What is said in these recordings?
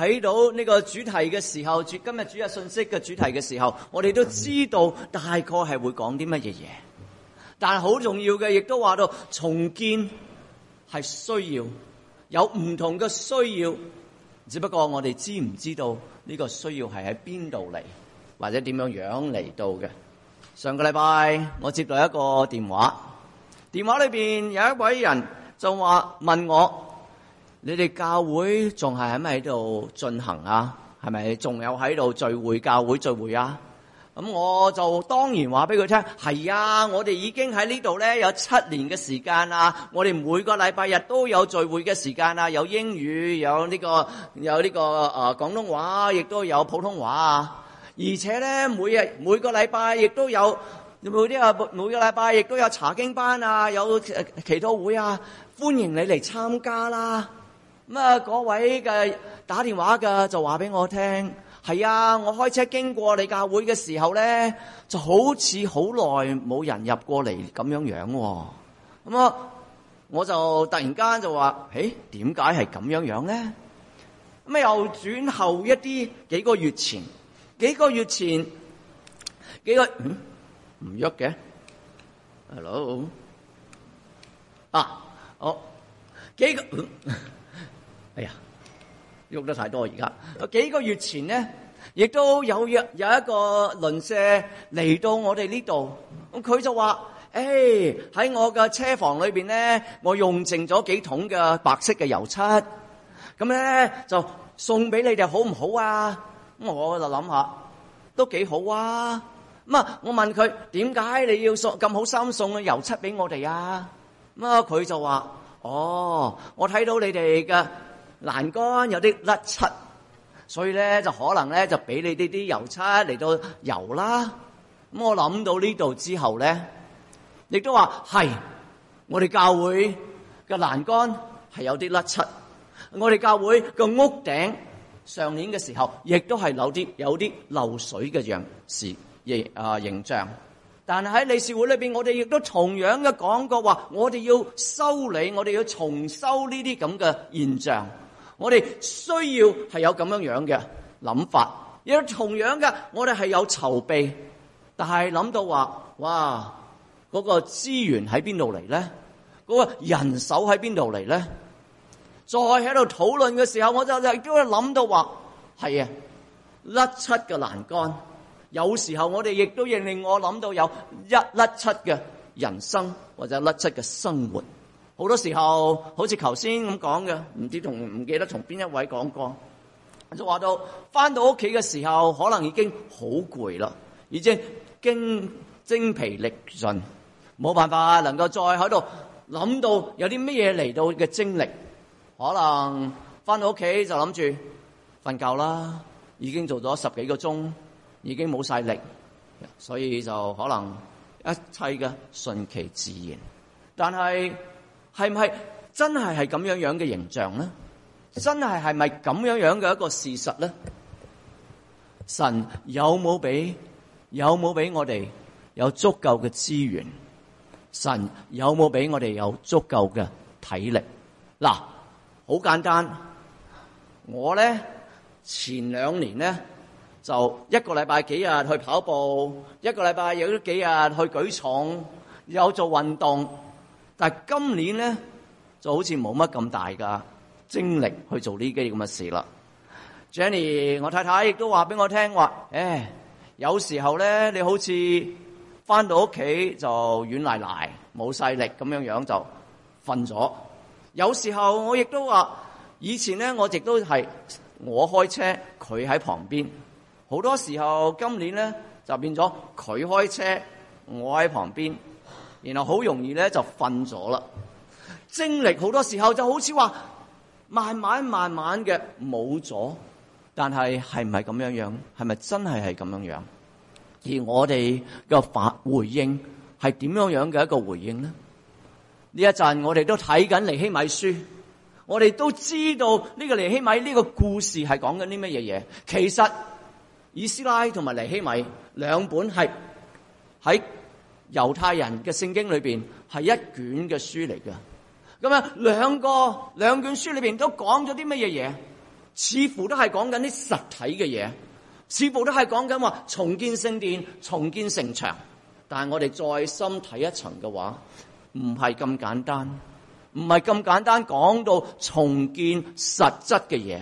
睇到呢個主題嘅時候，今日主日信息嘅主題嘅時候，我哋都知道大概係會講啲乜嘢嘢。但係好重要嘅，亦都話到重建係需要有唔同嘅需要，只不過我哋知唔知道呢個需要係喺邊度嚟，或者點樣樣嚟到嘅？上個禮拜我接到一個電話，電話裏邊有一位人就話問我。你哋教會仲係喺咪喺度進行啊？係咪仲有喺度聚會？教會聚會啊！咁我就當然話俾佢聽，係啊！我哋已經喺呢度咧，有七年嘅時間啦，啊。我哋每個禮拜日都有聚會嘅時間啊，有英語，有呢、這個，有呢、這個誒、呃、廣東話，亦都有普通話啊。而且咧，每日每個禮拜亦都有，啲啊？每個禮拜亦都有查經班啊，有祈禱會啊，歡迎你嚟參加啦！咁啊！嗰位嘅打電話嘅就話俾我聽，係啊！我開車經過你教會嘅時候咧，就好似好耐冇人入過嚟咁樣樣。咁啊，我就突然間就話：，誒、欸，點解係咁樣樣咧？咁啊，又轉後一啲幾個月前，幾個月前幾個唔喐嘅，hello 啊，好、哦、幾個。嗯哎呀，喐得太多而家。幾個月前咧，亦都有約有一個鄰舍嚟到我哋呢度，咁佢就話：，誒，喺我嘅車房裏邊咧，我用剩咗幾桶嘅白色嘅油漆，咁咧就送俾你哋好唔好啊？咁我就諗下，都幾好啊。咁啊，我問佢：，點解你要送咁好心送嘅油漆俾我哋啊？咁啊，佢就話：，哦，我睇到你哋嘅。欄杆有啲甩漆，所以咧就可能咧就俾你呢啲油漆嚟到油啦。咁我諗到呢度之後咧，亦都話係我哋教會嘅欄杆係有啲甩漆。我哋教會嘅屋頂上年嘅時候，亦都係有啲有啲漏水嘅樣事形啊形象。但係喺理事會裏邊，我哋亦都同樣嘅講過話，我哋要修理，我哋要重修呢啲咁嘅現象。我哋需要係有咁樣樣嘅諗法，而同樣嘅，我哋係有籌備，但係諗到話，哇，嗰個資源喺邊度嚟咧？嗰個人手喺邊度嚟咧？再喺度討論嘅時候，我就就叫佢諗到話，係啊，甩漆嘅欄杆，有時候我哋亦都令令我諗到有一甩漆嘅人生或者甩漆嘅生活。好多時候，好似頭先咁講嘅，唔知同唔記得同邊一位講過，就話到翻到屋企嘅時候，可能已經好攰啦，已經精精疲力盡，冇辦法能夠再喺度諗到有啲乜嘢嚟到嘅精力，可能翻到屋企就諗住瞓覺啦，已經做咗十幾個鐘，已經冇晒力，所以就可能一切嘅順其自然，但係，係唔係真係係咁樣樣嘅形象咧？真係係咪咁樣樣嘅一個事實咧？神有冇俾有冇俾我哋有足夠嘅資源？神有冇俾我哋有足夠嘅體力？嗱，好簡單，我咧前兩年咧就一個禮拜幾日去跑步，一個禮拜有啲幾日去舉重，有做運動。但今年咧，就好似冇乜咁大㗎精力去做呢啲咁嘅事啦。Jenny，我太太亦都話俾我聽話，誒，有時候咧，你好似返到屋企就軟賴賴，冇勢力咁樣樣就瞓咗。有時候我亦都話，以前咧我亦都係我開車，佢喺旁邊。好多時候今年咧就變咗佢開車，我喺旁邊。然後好容易咧就瞓咗啦，精力好多時候就好似話慢慢慢慢嘅冇咗，但係係唔係咁樣樣？係咪真係係咁樣樣？而我哋嘅反回應係點樣樣嘅一個回應呢？呢一陣我哋都睇緊尼希米書，我哋都知道呢個尼希米呢個故事係講緊啲乜嘢嘢。其實以斯拉同埋尼希米兩本係喺。猶太人嘅聖經裏邊係一卷嘅書嚟嘅。咁樣兩個兩卷書裏邊都講咗啲乜嘢嘢？似乎都係講緊啲實體嘅嘢，似乎都係講緊話重建聖殿、重建城牆。但係我哋再深睇一層嘅話，唔係咁簡單，唔係咁簡單講到重建實質嘅嘢，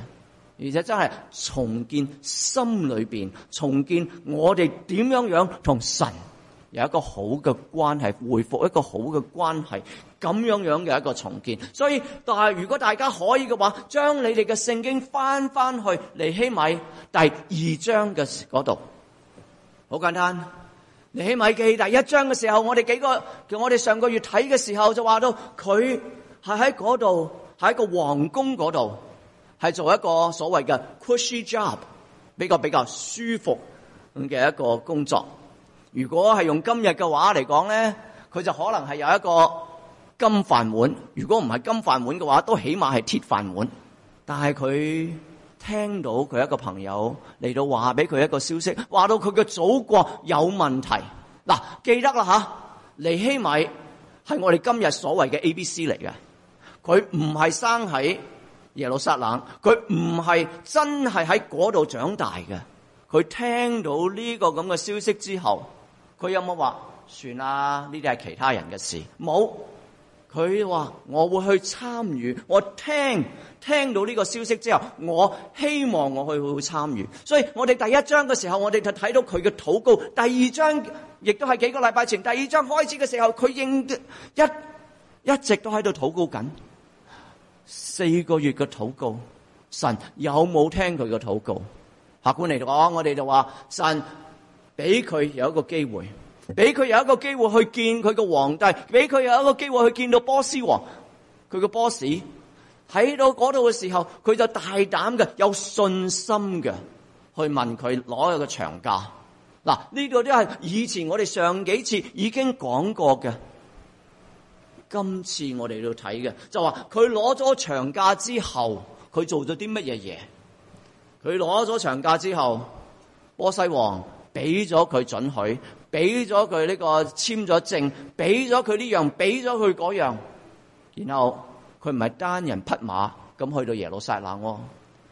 而且真係重建心裏邊，重建我哋點樣樣同神。有一個好嘅關係，恢復一個好嘅關係，咁樣樣嘅一個重建。所以，但係如果大家可以嘅話，將你哋嘅聖經翻返去尼希米第二章嘅嗰度，好簡單。尼希米記第一章嘅時候，我哋幾個，我哋上個月睇嘅時候就話到，佢係喺嗰度，喺個皇宮嗰度，係做一個所謂嘅 cushy job，比較比較舒服咁嘅一個工作。如果係用今日嘅話嚟講咧，佢就可能係有一個金飯碗。如果唔係金飯碗嘅話，都起碼係鐵飯碗。但係佢聽到佢一個朋友嚟到話俾佢一個消息，話到佢嘅祖國有問題。嗱，記得啦嚇，尼希米係我哋今日所謂嘅 ABC 嚟嘅。佢唔係生喺耶路撒冷，佢唔係真係喺嗰度長大嘅。佢聽到呢個咁嘅消息之後。佢有冇話算啦？呢啲係其他人嘅事。冇，佢話我會去參與。我聽聽到呢個消息之後，我希望我去參與。所以我哋第一章嘅時候，我哋就睇到佢嘅禱告。第二章亦都係幾個禮拜前，第二章開始嘅時候，佢應一一直都喺度禱告緊。四個月嘅禱告，神有冇聽佢嘅禱告？客觀嚟講，我哋就話神。俾佢有一個機會，俾佢有一個機會去見佢個皇帝，俾佢有一個機會去見到波斯王，佢個波斯喺到嗰度嘅時候，佢就大膽嘅、有信心嘅去問佢攞一個長假。嗱，呢個都係以前我哋上幾次已經講過嘅，今次我哋要睇嘅就話佢攞咗長假之後，佢做咗啲乜嘢嘢？佢攞咗長假之後，波西王。俾咗佢准許，俾咗佢呢個簽咗證，俾咗佢呢樣，俾咗佢嗰樣，然後佢唔係單人匹馬咁去到耶路撒冷，哦，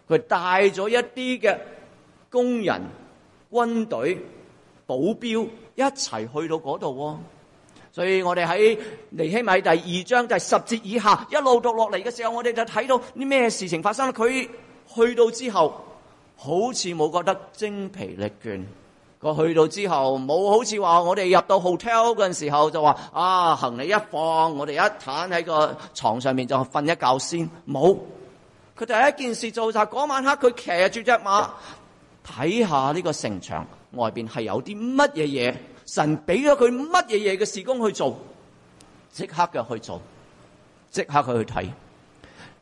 佢帶咗一啲嘅工人、軍隊、保鏢一齊去到嗰度，哦。所以我哋喺尼希米第二章第十節以下一路讀落嚟嘅時候，我哋就睇到啲咩事情發生。佢去到之後，好似冇覺得精疲力倦。我去到之後冇好似話我哋入到 hotel 嗰陣時候就話啊，行李一放，我哋一攤喺個床上面就瞓一覺先冇。佢第一件事做就嗰、那個、晚黑佢騎住隻馬睇下呢個城牆外邊係有啲乜嘢嘢。神俾咗佢乜嘢嘢嘅事工去做，即刻嘅去做，即刻去去睇。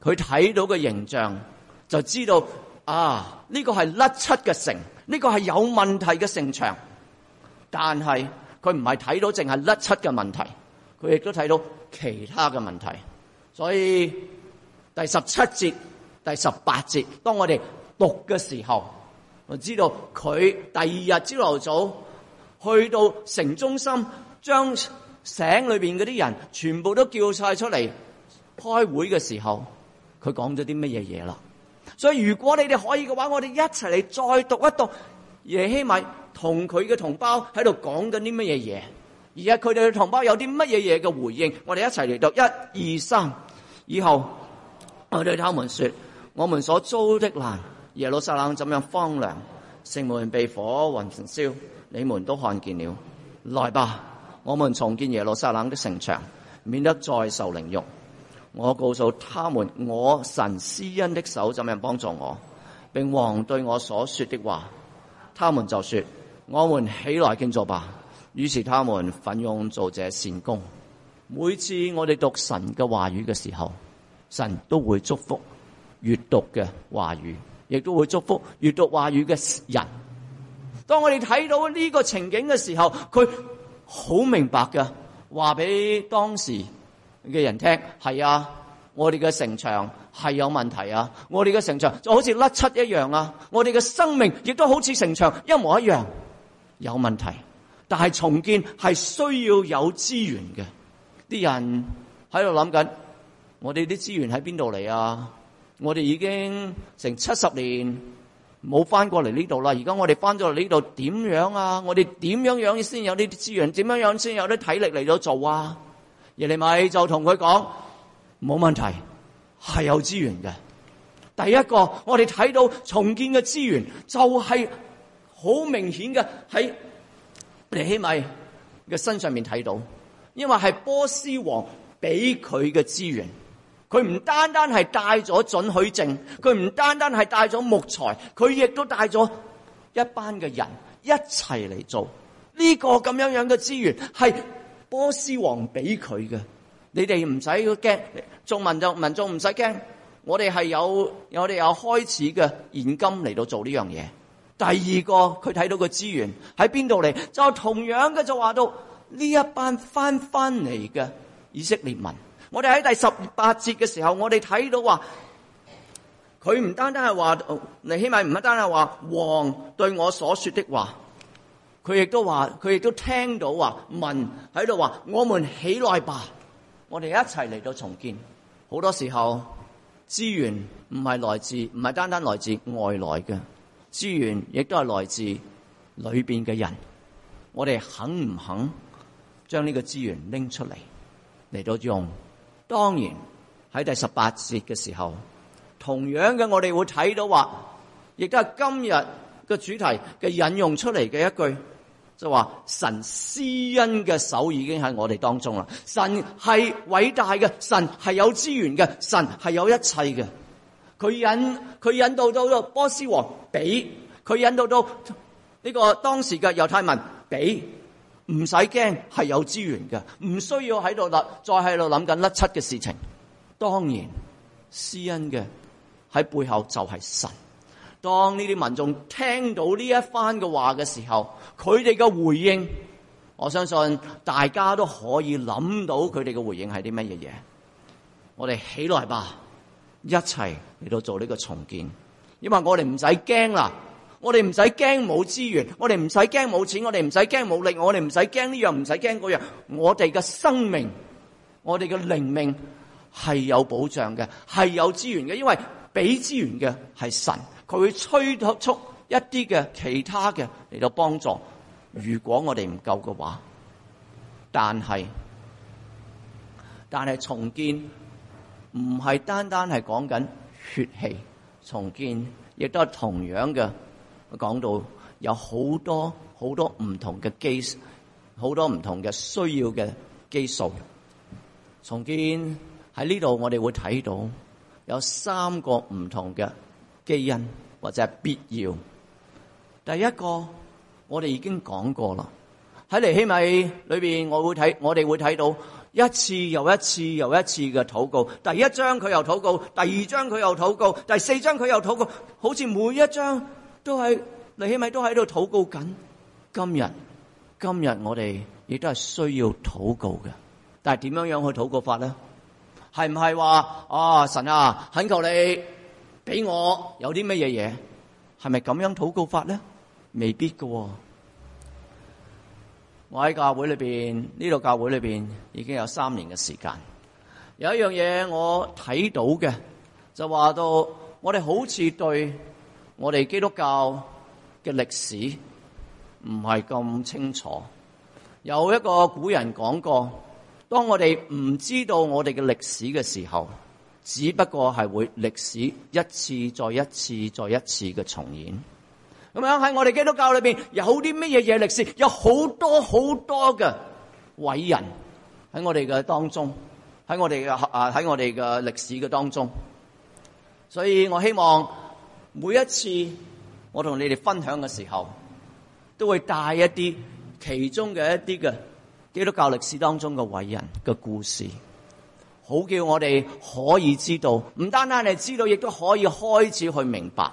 佢睇到嘅形象就知道啊呢、這個係甩漆嘅城。呢個係有問題嘅城牆，但係佢唔係睇到淨係甩漆嘅問題，佢亦都睇到其他嘅問題。所以第十七節、第十八節，當我哋讀嘅時候，我知道佢第二日朝頭早去到城中心，將省裏邊嗰啲人全部都叫晒出嚟開會嘅時候，佢講咗啲乜嘢嘢啦？所以如果你哋可以嘅話，我哋一齊嚟，再讀一讀尼希米同佢嘅同胞喺度講緊啲乜嘢嘢，而家佢哋嘅同胞有啲乜嘢嘢嘅回應，我哋一齊嚟讀一二三。以後我對他們說：我們所遭的難，耶路撒冷怎樣荒涼，城門被火雲焚燒，你們都看見了。來吧，我們重建耶路撒冷的城牆，免得再受凌辱。我告訴他們，我神施恩的手怎樣幫助我，並王對我所說的話，他們就說：我們起來建造吧。於是他們奮勇做這善工。每次我哋讀神嘅話語嘅時候，神都會祝福閱讀嘅話語，亦都會祝福閱讀話語嘅人。當我哋睇到呢個情景嘅時候，佢好明白㗎話俾當時嘅人聽，係啊，我哋嘅城牆係有問題啊，我哋嘅城牆就好似甩漆一樣啊，我哋嘅生命亦都好似城牆一模一樣有問題，但係重建係需要有資源嘅。啲人喺度諗緊，我哋啲資源喺邊度嚟啊？我哋已經成七十年冇翻過嚟呢度啦，而家我哋翻咗嚟呢度點樣啊？我哋點樣樣先有呢啲資源？點樣樣先有啲體力嚟到做啊？耶利米就同佢講，冇問題，係有資源嘅。第一個我哋睇到重建嘅資源就係好明顯嘅喺尼希米嘅身上面睇到，因為係波斯王俾佢嘅資源。佢唔單單係帶咗准許證，佢唔單單係帶咗木材，佢亦都帶咗一班嘅人一齊嚟做呢、這個咁樣樣嘅資源係。波斯王俾佢嘅，你哋唔使要驚，眾民就民眾唔使驚，我哋係有，我哋有開始嘅現金嚟到做呢樣嘢。第二個佢睇到個資源喺邊度嚟，就同樣嘅就話到呢一班翻翻嚟嘅以色列民，我哋喺第十八節嘅時候，我哋睇到話，佢唔單單係話，你起碼唔單單係話，王對我所說的話。佢亦都話，佢亦都聽到話，問喺度話，我們起來吧，我哋一齊嚟到重建。好多時候，資源唔係來自，唔係單單來自外來嘅資源，亦都係來自裏邊嘅人。我哋肯唔肯將呢個資源拎出嚟嚟到用？當然喺第十八節嘅時候，同樣嘅我哋會睇到話，亦都係今日嘅主題嘅引用出嚟嘅一句。就話神施恩嘅手已經喺我哋當中啦。神係偉大嘅，神係有資源嘅，神係有一切嘅。佢引佢引導到波斯王俾，佢引導到呢個當時嘅猶太民俾，唔使驚係有資源嘅，唔需要喺度諗，再喺度諗緊甩漆嘅事情。當然，施恩嘅喺背後就係神。當呢啲民眾聽到呢一番嘅話嘅時候，佢哋嘅回應，我相信大家都可以諗到佢哋嘅回應係啲乜嘢嘢。我哋起來吧，一齊嚟到做呢個重建，因為我哋唔使驚啦，我哋唔使驚冇資源，我哋唔使驚冇錢，我哋唔使驚冇力，我哋唔使驚呢樣，唔使驚嗰樣。我哋嘅生命，我哋嘅靈命係有保障嘅，係有資源嘅，因為俾資源嘅係神。佢會催促一啲嘅其他嘅嚟到幫助。如果我哋唔夠嘅話，但係但係重建唔係單單係講緊血氣重建，亦都係同樣嘅講到有好多好多唔同嘅基好多唔同嘅需要嘅基礎重建。喺呢度，我哋會睇到有三個唔同嘅。基因，或者係必要。第一個我哋已經講過啦，喺尼希米裏邊，我會睇，我哋會睇到一次又一次又一次嘅禱告。第一章佢又禱告，第二章佢又禱告，第四章佢又禱告，好似每一章都係尼希米都喺度禱告緊。今日今日我哋亦都係需要禱告嘅，但係點樣樣去禱告法咧？係唔係話啊神啊，懇求你？俾我有啲乜嘢嘢，係咪咁樣禱告法咧？未必噶喎。我喺教會裏邊，呢度教會裏邊已經有三年嘅時間。有一樣嘢我睇到嘅，就話到我哋好似對我哋基督教嘅歷史唔係咁清楚。有一個古人講過，當我哋唔知道我哋嘅歷史嘅時候，只不過係會歷史一次再一次再一次嘅重演。咁樣喺我哋基督教裏邊有好啲乜嘢嘢歷史？有好多好多嘅偉人喺我哋嘅當中喺我哋嘅，喺我哋嘅啊喺我哋嘅歷史嘅當中。所以我希望每一次我同你哋分享嘅時候，都會帶一啲其中嘅一啲嘅基督教歷史當中嘅偉人嘅故事。好叫我哋可以知道，唔單單係知道，亦都可以開始去明白。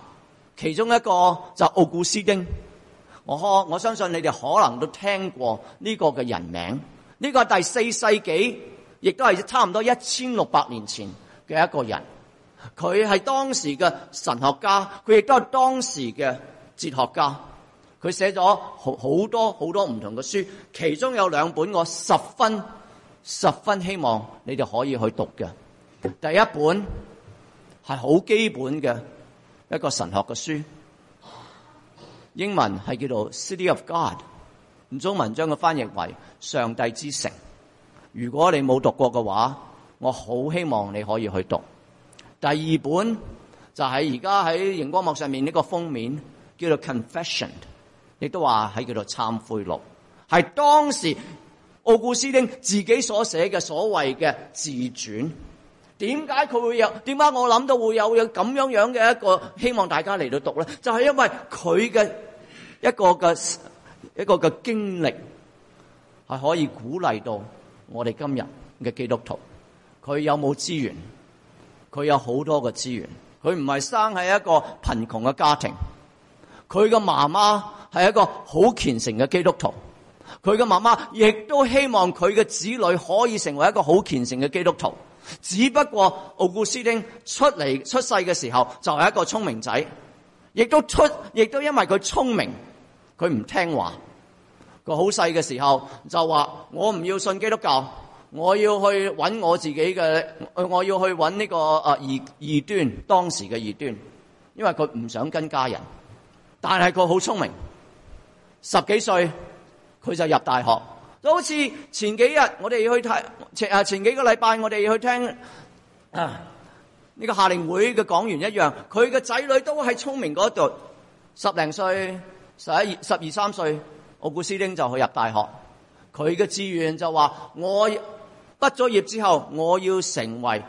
其中一個就係奧古斯丁，我我相信你哋可能都聽過呢個嘅人名。呢個第四世紀，亦都係差唔多一千六百年前嘅一個人。佢係當時嘅神學家，佢亦都係當時嘅哲學家。佢寫咗好好多好多唔同嘅書，其中有兩本我十分。十分希望你哋可以去讀嘅第一本係好基本嘅一個神學嘅書，英文係叫做 City of God，唔中文將佢翻譯為上帝之城。如果你冇讀過嘅話，我好希望你可以去讀。第二本就係而家喺熒光幕上面呢個封面叫做 Confession，亦都話係叫做懺悔錄，係當時。奧古斯丁自己所寫嘅所謂嘅自傳，點解佢會有？點解我諗到會有有咁樣樣嘅一個？希望大家嚟到讀咧，就係因為佢嘅一個嘅一個嘅經歷係可以鼓勵到我哋今日嘅基督徒。佢有冇資源？佢有好多嘅資源。佢唔係生喺一個貧窮嘅家庭。佢嘅媽媽係一個好虔誠嘅基督徒。佢嘅媽媽亦都希望佢嘅子女可以成為一個好虔誠嘅基督徒，只不過奧古斯丁出嚟，出世嘅時候就係一個聰明仔，亦都出亦都因為佢聰明，佢唔聽話。佢好細嘅時候就話，我唔要信基督教，我要去揾我自己嘅，我要去揾呢個啊異異端，當時嘅異端，因為佢唔想跟家人，但係佢好聰明，十幾歲。佢就入大學，就好似前幾日我哋去睇，前前幾個禮拜我哋去聽啊呢、這個夏令會嘅講員一樣，佢嘅仔女都喺聰明嗰度，十零歲、十一、十二、三歲，奧古斯丁就去入大學。佢嘅志願就話：我畢咗業之後，我要成為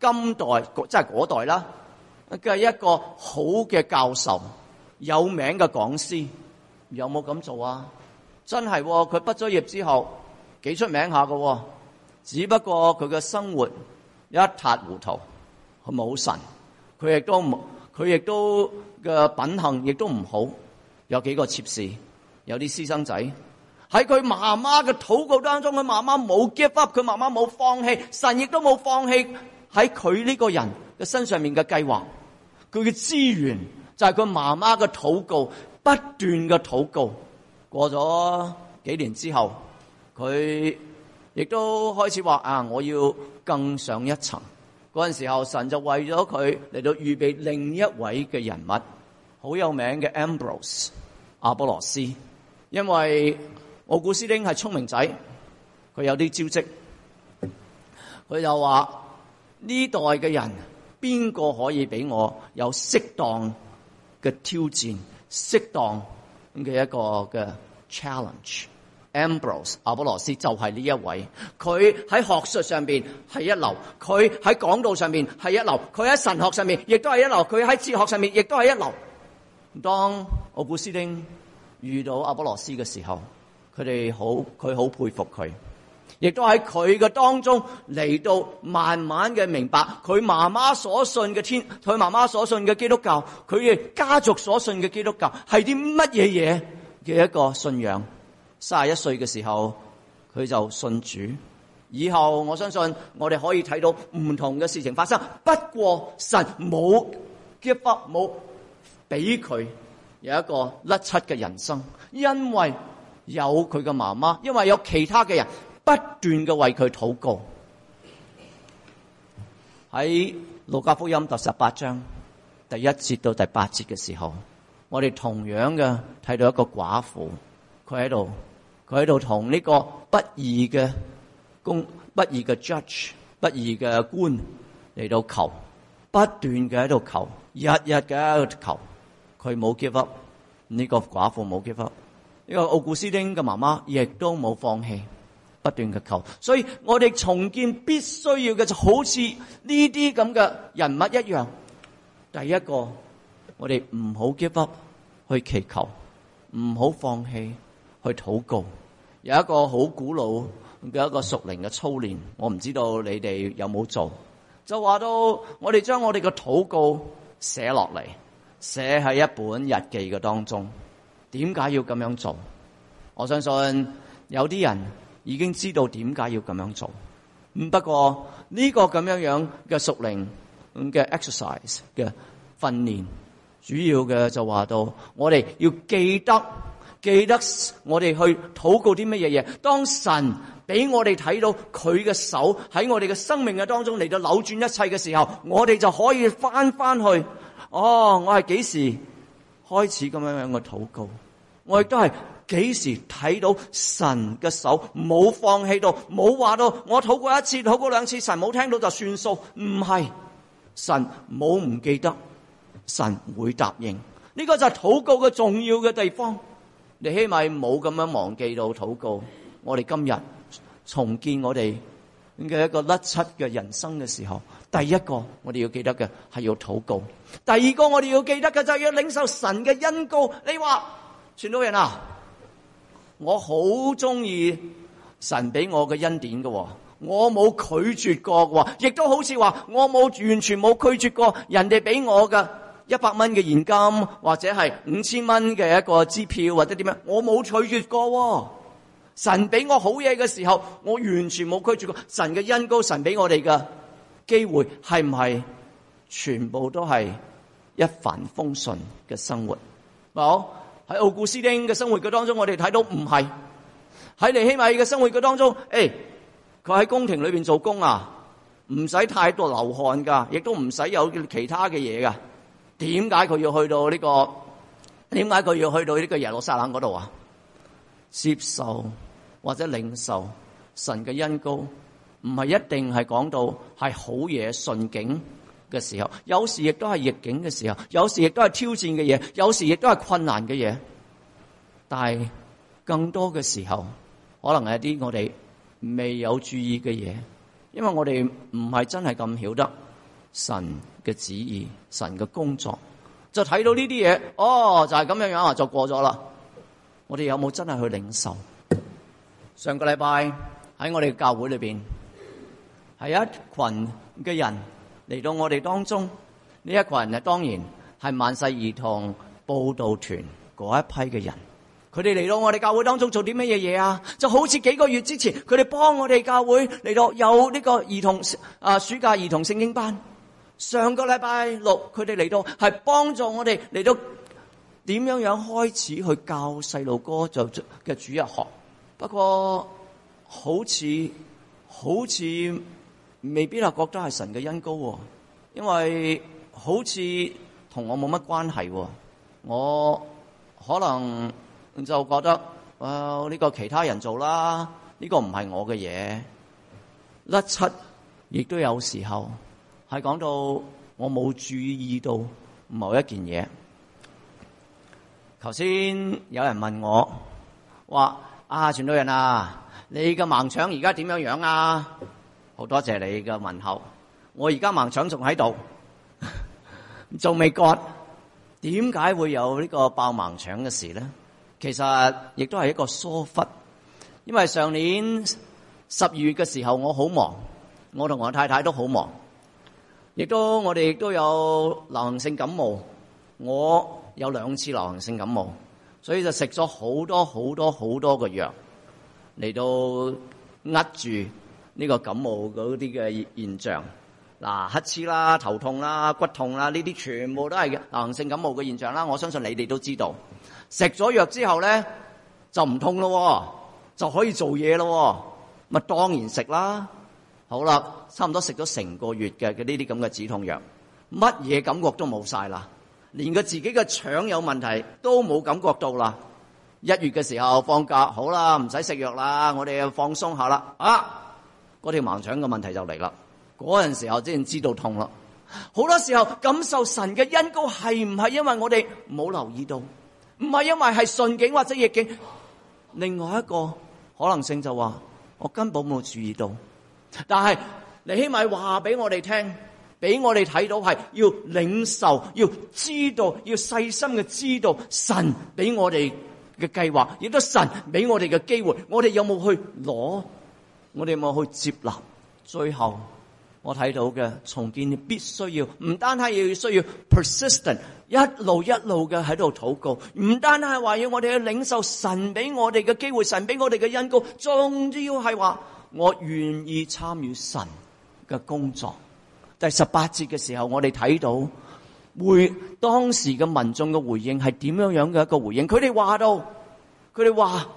今代即係嗰代啦，佢係一個好嘅教授，有名嘅講師。有冇咁做啊？真係佢畢咗業之後幾出名下噶，只不過佢嘅生活一塌糊塗，佢冇神，佢亦都唔，佢亦都嘅品行亦都唔好，有幾個妾侍，有啲私生仔。喺佢媽媽嘅禱告當中，佢媽媽冇 give up，佢媽媽冇放棄，神亦都冇放棄喺佢呢個人嘅身上面嘅計劃。佢嘅資源就係佢媽媽嘅禱告，不斷嘅禱告。過咗幾年之後，佢亦都開始話：啊，我要更上一層。嗰陣時候，神就為咗佢嚟到預備另一位嘅人物，好有名嘅 Ambrose 阿波羅斯。因為奧古斯丁係聰明仔，佢有啲招積，佢就話呢代嘅人邊個可以俾我有適當嘅挑戰，適當，嘅一個嘅 challenge，Ambrose 阿波羅斯就係呢一位，佢喺學術上邊係一流，佢喺講道上面係一流，佢喺神學上面亦都係一流，佢喺哲學上面亦都係一流。當奧古斯丁遇到阿波羅斯嘅時候，佢哋好，佢好佩服佢。亦都喺佢嘅當中嚟到慢慢嘅明白，佢媽媽所信嘅天，佢媽媽所信嘅基督教，佢嘅家族所信嘅基督教係啲乜嘢嘢嘅一個信仰。三十一歲嘅時候，佢就信主。以後我相信我哋可以睇到唔同嘅事情發生。不過神冇 give up 冇俾佢有一個甩七嘅人生，因為有佢嘅媽媽，因為有其他嘅人。不斷嘅為佢禱告。喺《路加福音》第十八章第一節到第八節嘅時候，我哋同樣嘅睇到一個寡婦，佢喺度，佢喺度同呢個不義嘅公不義嘅 judge 不義嘅官嚟到求，不斷嘅喺度求，日日嘅喺度求，佢冇 give up，呢個寡婦冇 give up，呢個奧古斯丁嘅媽媽亦都冇放棄。不斷嘅求，所以我哋重建必須要嘅就好似呢啲咁嘅人物一樣。第一個，我哋唔好 give up 去祈求，唔好放棄去禱告。有一個好古老嘅一個屬靈嘅操練，我唔知道你哋有冇做，就話到我哋將我哋嘅禱告寫落嚟，寫喺一本日記嘅當中。點解要咁樣做？我相信有啲人。已經知道點解要咁樣做。不過呢、這個咁樣樣嘅屬靈嘅 exercise 嘅訓練，主要嘅就話到，我哋要記得記得我哋去禱告啲乜嘢嘢。當神俾我哋睇到佢嘅手喺我哋嘅生命嘅當中嚟到扭轉一切嘅時候，我哋就可以翻翻去。哦，我係幾時開始咁樣樣嘅禱告？我亦都係。幾時睇到神嘅手？冇放棄到，冇話到，我禱過一次，禱過兩次，神冇聽到就算數。唔係，神冇唔記得，神會答應。呢個就係禱告嘅重要嘅地方。你起碼冇咁樣忘記到禱告。我哋今日重建我哋嘅一個甩漆嘅人生嘅時候，第一個我哋要記得嘅係要禱告。第二個我哋要記得嘅就係要領受神嘅恩膏。你話，傳道人啊？我好中意神俾我嘅恩典嘅，我冇拒絕過，亦都好似話我冇完全冇拒絕過人哋俾我嘅一百蚊嘅現金，或者係五千蚊嘅一個支票或者點樣，我冇拒絕過。神俾我好嘢嘅時候，我完全冇拒絕過。神嘅恩膏。神俾我哋嘅機會，係唔係全部都係一帆風順嘅生活？好。喺奧古斯丁嘅生活當中，我哋睇到唔係。喺尼希米嘅生活當中，誒，佢喺宮廷裏面做工啊，唔使太多流汗㗎，亦都唔使有其他嘅嘢㗎。點解佢要去到呢個？點解佢要去到呢個耶路撒冷嗰度啊？接受或者領受神嘅恩膏，唔係一定係講到係好嘢順境嘅時候，有時亦都係逆境嘅時候，有時亦都係挑戰嘅嘢，有時亦都係困難嘅嘢。但係更多嘅時候，可能係一啲我哋未有注意嘅嘢，因為我哋唔係真係咁曉得神嘅旨意、神嘅工作。就睇到呢啲嘢，哦，就係咁樣樣啊，就過咗啦。我哋有冇真係去領受？上個禮拜喺我哋嘅教會裏邊，係一群嘅人。嚟到我哋當中呢一群人啊，當然係萬世兒童布道團嗰一批嘅人。佢哋嚟到我哋教會當中做啲乜嘢嘢啊？就好似幾個月之前，佢哋幫我哋教會嚟到有呢個兒童啊暑假兒童聖經班。上個禮拜六，佢哋嚟到係幫助我哋嚟到點樣樣開始去教細路哥就嘅主日學。不過好似好似。未必係覺得係神嘅恩高，因為好似同我冇乜關係。我可能就覺得，啊呢、這個其他人做啦，呢、這個唔係我嘅嘢。甩漏亦都有時候係講到我冇注意到某一件嘢。頭先有人問我話，啊，傳道人啊，你嘅盲腸而家點樣樣啊？好多謝你嘅問候，我而家盲腸仲喺度，仲未割，點解會有呢個爆盲腸嘅事咧？其實亦都係一個疏忽，因為上年十二月嘅時候，我好忙，我同我太太都好忙，亦都我哋亦都有流行性感冒，我有兩次流行性感冒，所以就食咗好多好多好多個藥嚟到呃住。呢、這個感冒嗰啲嘅現象，嗱，乞嗤啦、頭痛啦、骨痛啦，呢啲全部都係嘅，硬性感冒嘅現象啦。我相信你哋都知道，食咗藥之後咧就唔痛咯，就可以做嘢咯，咪當然食啦。好啦，差唔多食咗成個月嘅嘅呢啲咁嘅止痛藥，乜嘢感覺都冇晒啦，連佢自己嘅腸有問題都冇感覺到啦。一月嘅時候放假好啦，唔使食藥啦，我哋放鬆下啦，啊！嗰條盲腸嘅問題就嚟啦！嗰陣時候先知道痛啦。好多時候感受神嘅恩膏，係唔係因為我哋冇留意到，唔係因為係順境或者逆境。另外一個可能性就話，我根本冇注意到。但係你起碼話俾我哋聽，俾我哋睇到係要領受，要知道，要細心嘅知道神俾我哋嘅計劃，亦都神俾我哋嘅機會，我哋有冇去攞？我哋有冇去接納，最後我睇到嘅重建必須要唔單係要需要 persistent，一路一路嘅喺度禱告，唔單係話要我哋去領受神俾我哋嘅機會，神俾我哋嘅恩膏，仲要係話我願意參與神嘅工作。第十八節嘅時候，我哋睇到回當時嘅民眾嘅回應係點樣樣嘅一個回應，佢哋話到，佢哋話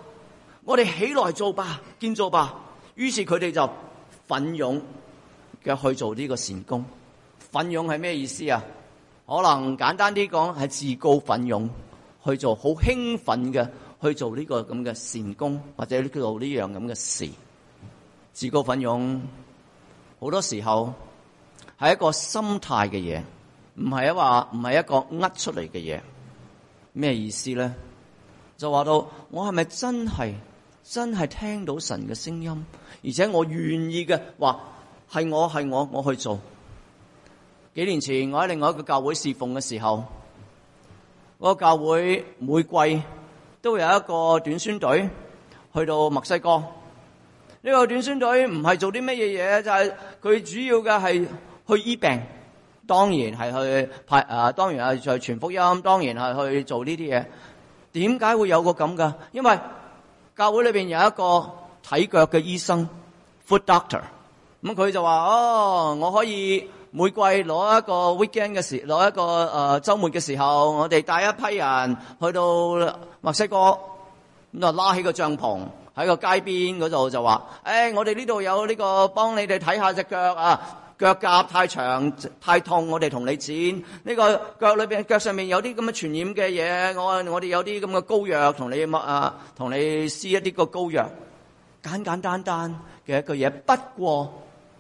我哋起來做吧，建造吧。於是佢哋就奮勇嘅去做呢個善工。奮勇係咩意思啊？可能簡單啲講，係自告奮勇去做好興奮嘅去做呢個咁嘅善工，或者做呢樣咁嘅事。自告奮勇好多時候係一個心態嘅嘢，唔係一話唔係一個呃出嚟嘅嘢。咩意思咧？就話到我係咪真係真係聽到神嘅聲音？而且我願意嘅話係我係我我去做。幾年前我喺另外一個教會侍奉嘅時候，我、嗰個教會每季都會有一個短宣隊去到墨西哥。呢、呢個短宣隊唔係做啲乜嘢嘢，就係、是、佢主要嘅係去醫病。當然係去派啊，當然係再傳福音，當然係去做呢啲嘢。點解會有個咁㗎？因為教會裏面有一個睇腳嘅醫生，foot doctor，咁、嗯、佢就話：哦，我可以每季攞一個 weekend 嘅時，攞一個誒、呃、週末嘅時候，我哋帶一批人去到墨西哥咁啊，拉起個帳篷喺個街邊嗰度就話：誒、欸，我哋呢度有呢、這個幫你哋睇下隻腳啊，腳甲太長太痛，我哋同你剪呢、這個腳裏邊腳上面有啲咁嘅傳染嘅嘢，我我哋有啲咁嘅膏藥同你抹啊，同你施一啲個膏藥。簡簡單單嘅一句嘢，不過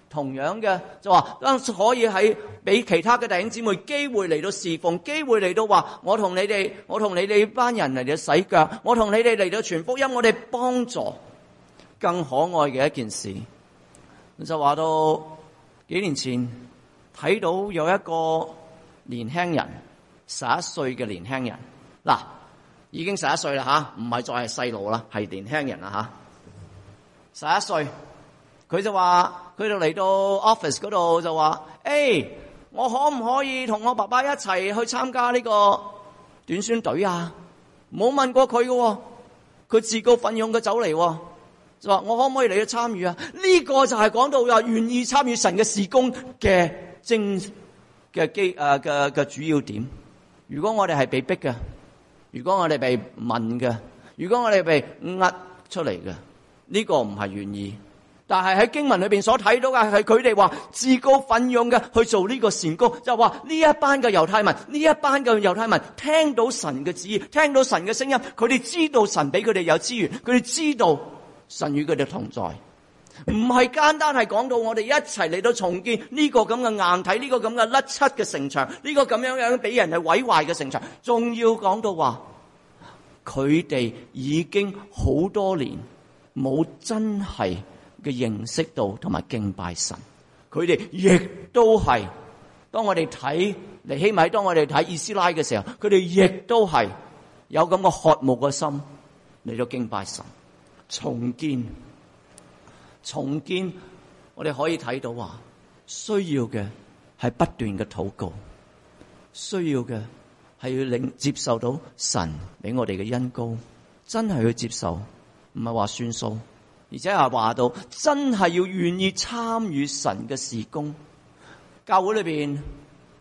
同樣嘅就話，可以喺俾其他嘅弟兄姊妹機會嚟到侍奉，機會嚟到話我同你哋，我同你哋班人嚟到洗腳，我同你哋嚟到傳福音，我哋幫助更可愛嘅一件事。就話到幾年前睇到有一個年輕人，十一歲嘅年輕人嗱，已經十一歲啦，吓唔係再係細路啦，係年輕人啦，吓。十一歲，佢就話：佢就嚟到 office 嗰度就話，誒、欸，我可唔可以同我爸爸一齊去參加呢個短宣隊啊？冇問過佢嘅、哦，佢自告奮勇嘅走嚟、哦，就話我可唔可以嚟去參與啊？呢、這個就係講到話願意參與神嘅事工嘅精嘅基誒嘅嘅主要點。如果我哋係被逼㗎，如果我哋被問嘅，如果我哋被呃出嚟嘅。呢、這個唔係願意，但係喺經文裏邊所睇到嘅係佢哋話自告奮勇嘅去做呢個善工，就話、是、呢一班嘅猶太民，呢一班嘅猶太民聽到神嘅旨意，聽到神嘅聲音，佢哋知道神俾佢哋有資源，佢哋知道神與佢哋同在，唔係簡單係講到我哋一齊嚟到重建呢個咁嘅硬體，呢、這個咁嘅甩漆嘅城牆，呢、這個咁樣樣俾人係毀壞嘅城牆，仲要講到話佢哋已經好多年。冇真係嘅認識到同埋敬拜神，佢哋亦都係當我哋睇尼希米，當我哋睇以斯拉嘅時候，佢哋亦都係有咁嘅渴慕嘅心嚟到敬拜神。重建，重建，我哋可以睇到話：需要嘅係不斷嘅禱告，需要嘅係要令接受到神俾我哋嘅恩膏，真係去接受。唔係話算數，而且係話到真係要願意參與神嘅事工。教會裏邊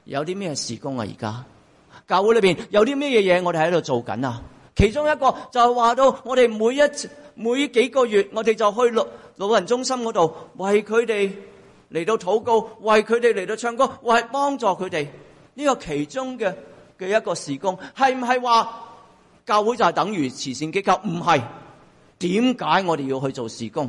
有啲咩事工啊？而家教會裏邊有啲咩嘢嘢我哋喺度做緊啊？其中一個就係話到我哋每一每幾個月我哋就去老老人中心嗰度為佢哋嚟到禱告，為佢哋嚟到唱歌，為幫助佢哋。呢個其中嘅嘅一個事工，係唔係話教會就係等於慈善機構？唔係。點解我哋要去做事工？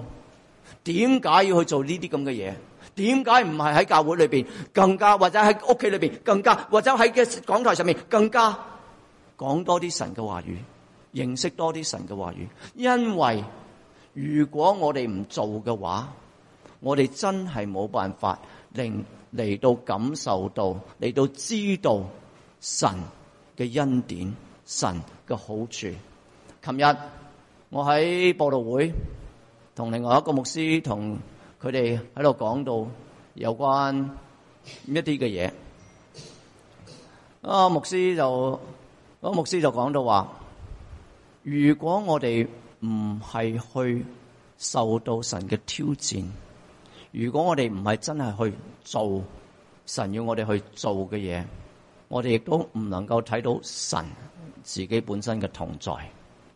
點解要去做呢啲咁嘅嘢？點解唔係喺教會裏面，更加或者喺屋企裏面，更加或者喺嘅講台上面，更加講多啲神嘅話語，認識多啲神嘅話語？因為如果我哋唔做嘅話，我哋真係冇辦法，令嚟到感受到，嚟到知道神嘅恩典，神嘅好處。琴日。我喺播道會同另外一個牧師同佢哋喺度講到有關一啲嘅嘢，啊牧師就嗰個牧師就講到話：如果我哋唔係去受到神嘅挑戰，如果我哋唔係真係去做神要我哋去做嘅嘢，我哋亦都唔能夠睇到神自己本身嘅同在。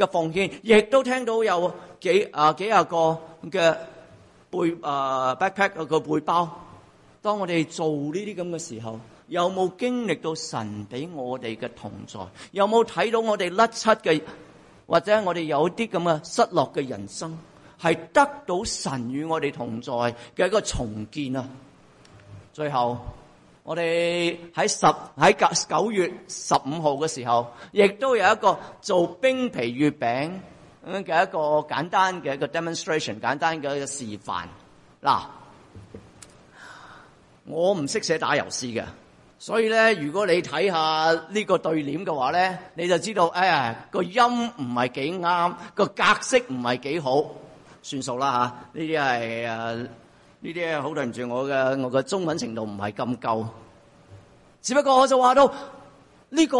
嘅奉獻，亦都聽到有幾啊幾廿個嘅背啊 backpack 個、啊、背包。當我哋做呢啲咁嘅時候，有冇經歷到神俾我哋嘅同在？有冇睇到我哋甩漆嘅，或者我哋有啲咁嘅失落嘅人生，係得到神與我哋同在嘅一個重建啊？最後。我哋喺十喺九月十五號嘅時候，亦都有一個做冰皮月餅嘅一個簡單嘅一個 demonstration，簡單嘅一個示範。嗱，我唔識寫打油詩嘅，所以咧，如果你睇下呢個對聯嘅話咧，你就知道，哎呀，個音唔係幾啱，個格式唔係幾好，算數啦吓，呢啲係誒。呃呢啲好對唔住我嘅，我嘅中文程度唔係咁夠。只不過我就話到呢個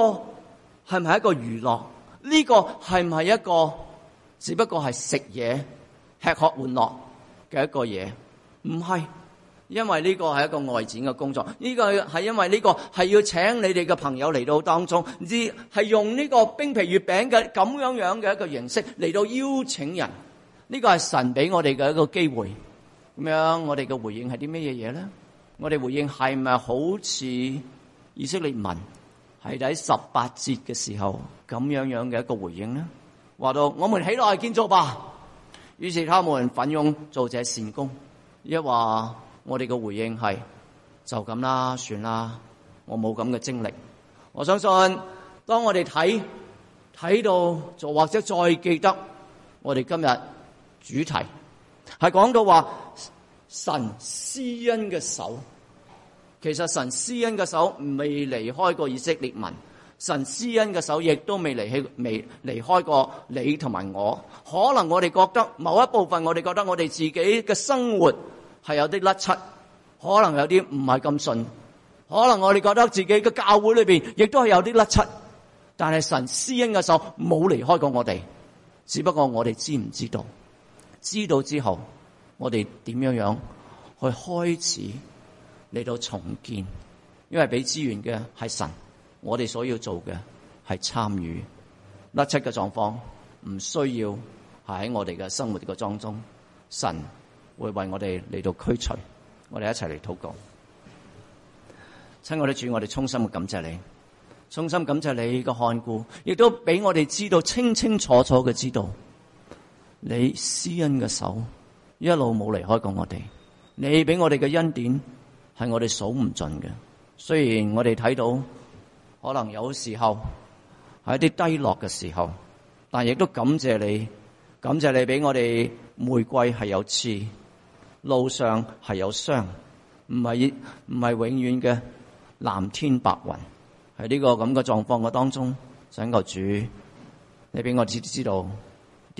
係唔係一個娛樂？呢個係唔係一個？只不過係食嘢、吃喝玩樂嘅一個嘢，唔係。因為呢個係一個外展嘅工作，呢個係因為呢個係要請你哋嘅朋友嚟到當中，唔知係用呢個冰皮月餅嘅咁樣樣嘅一個形式嚟到邀請人。呢個係神俾我哋嘅一個機會。咁樣我哋嘅回應係啲咩嘢嘢咧？我哋回應係咪好似以色列民係喺十八節嘅時候咁樣樣嘅一個回應咧？話到我們起來建造吧，於是他們奮勇做這善工。一話我哋嘅回應係就咁啦，算啦，我冇咁嘅精力。我相信當我哋睇睇到，就或者再記得我哋今日主題。係講到話神施恩嘅手，其實神施恩嘅手未離開過以色列民，神施恩嘅手亦都未離棄、未離開過你同埋我。可能我哋覺得某一部分，我哋覺得我哋自己嘅生活係有啲甩漏，可能有啲唔係咁順，可能我哋覺得自己嘅教會裏邊亦都係有啲甩漏，但係神施恩嘅手冇離開過我哋，只不過我哋知唔知道？知道之後，我哋點樣樣去開始嚟到重建？因為俾資源嘅係神，我哋所要做嘅係參與。甩漆嘅狀況唔需要喺我哋嘅生活嘅當中，神會為我哋嚟到驅除。我哋一齊嚟禱告。親愛的主，我哋衷心嘅感謝你，衷心的感謝你嘅看顧，亦都俾我哋知道清清楚楚嘅知道。你施恩嘅手一路冇離開過我哋，你俾我哋嘅恩典係我哋數唔盡嘅。雖然我哋睇到可能有時候係一啲低落嘅時候，但亦都感謝你，感謝你俾我哋玫瑰係有刺，路上係有傷，唔係唔係永遠嘅藍天白雲。喺呢個咁嘅狀況嘅當中，想求主，你俾我知知道。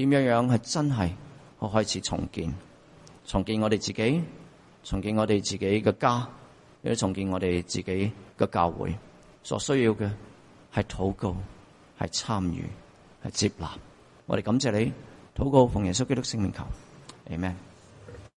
點樣樣係真係，我開始重建，重建我哋自己，重建我哋自己嘅家，亦都重建我哋自己嘅教會，所需要嘅係禱告，係參與，係接納。我哋感謝你，禱告奉耶穌基督聖名求，阿門。